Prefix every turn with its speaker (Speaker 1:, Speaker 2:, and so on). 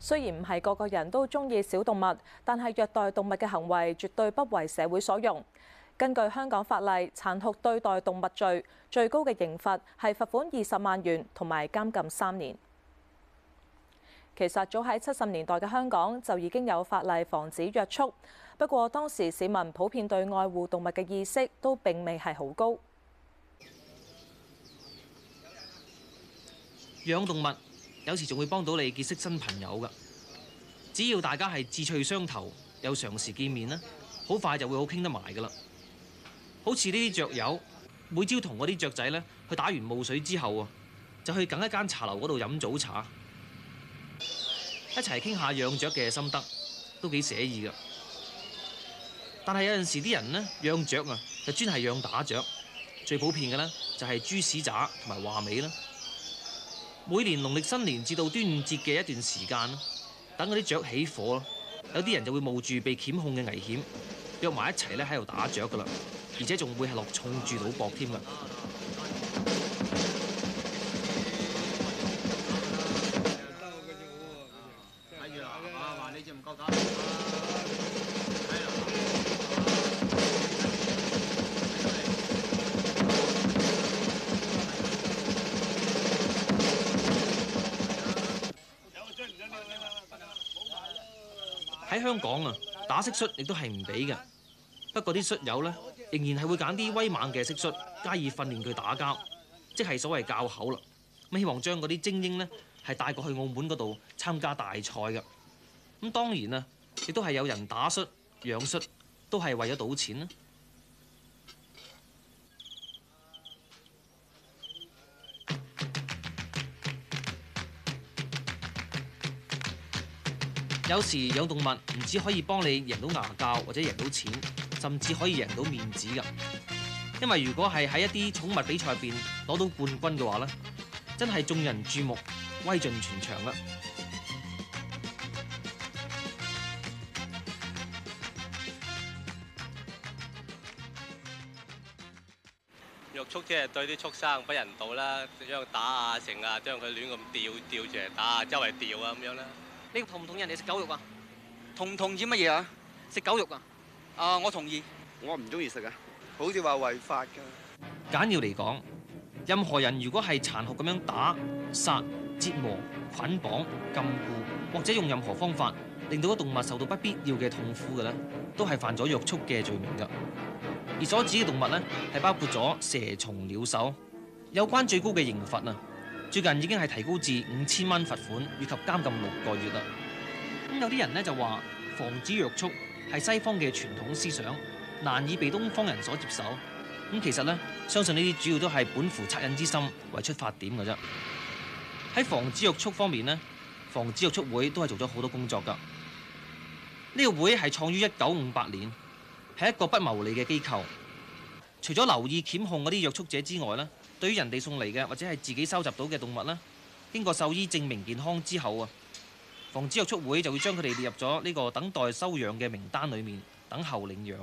Speaker 1: 雖然唔係個個人都中意小動物，但係虐待動物嘅行為絕對不為社會所容。根據香港法例，《殘酷對待動物罪》最高嘅刑罰係罰款二十萬元同埋監禁三年。其實早喺七十年代嘅香港就已經有法例防止虐畜，不過當時市民普遍對愛護動物嘅意識都並未係好高，
Speaker 2: 養動物，有時仲會幫到你結識新朋友噶，只要大家係志趣相投，又常時見面啦，好快就會好傾得埋噶啦。好似呢啲雀友，每朝同嗰啲雀仔呢去打完霧水之後啊，就去緊一間茶樓嗰度飲早茶，一齊傾下養雀嘅心得，都幾寫意噶。但係有陣時啲人呢，養雀啊，就專係養打雀，最普遍嘅呢，就係豬屎渣同埋畫眉啦。每年農曆新年至到端午節嘅一段時間，等嗰啲雀起火咯，有啲人就會冒住被檢控嘅危險，約埋一齊咧喺度打雀㗎喇，而且仲會係落重注賭博添㗎。這喺香港啊，打蟋蟀亦都係唔俾嘅。不過啲蟀友呢，仍然係會揀啲威猛嘅蟋蟀，加以訓練佢打交，即係所謂教口啦。咁希望將嗰啲精英呢，係帶過去澳門嗰度參加大賽㗎。咁當然啊，亦都係有人打蟀、養蟀，都係為咗賭錢。有時養動物唔止可以幫你贏到牙膠或者贏到錢，甚至可以贏到面子㗎。因為如果係喺一啲寵物比賽入邊攞到冠軍嘅話咧，真係眾人注目，威盡全場啦。虐畜即係對啲畜生不人道啦，將佢打啊，成啊，將佢亂咁吊吊住嚟打，周圍吊啊咁樣啦。你同唔同意人哋食狗肉啊？同唔同意乜嘢啊？食狗肉啊？啊，我同意。我唔中意食啊，好似話違法㗎。簡要嚟講，任何人如果係殘酷咁樣打、殺、折磨、捆綁、禁錮，或者用任何方法令到個動物受到不必要嘅痛苦嘅咧，都係犯咗虐畜嘅罪名㗎。而所指嘅動物咧，係包括咗蛇、蟲、鳥、獸。有關最高嘅刑罰啊，最近已經係提高至五千蚊罰款，以及監禁六個月啦。咁有啲人咧就話，防止虐畜係西方嘅傳統思想，難以被東方人所接受。咁其實咧，相信呢啲主要都係本乎惻隱之心為出發點嘅啫。喺防止虐畜方面呢，防止虐畜會都係做咗好多工作㗎。呢個會係創於一九五八年，係一個不牟利嘅機構。除咗留意檢控嗰啲虐畜者之外咧，對於人哋送嚟嘅，或者是自己收集到嘅動物啦，經過獸醫證明健康之後啊，防止虐畜會就會將佢哋列入咗呢個等待收養嘅名單裏面，等候領養。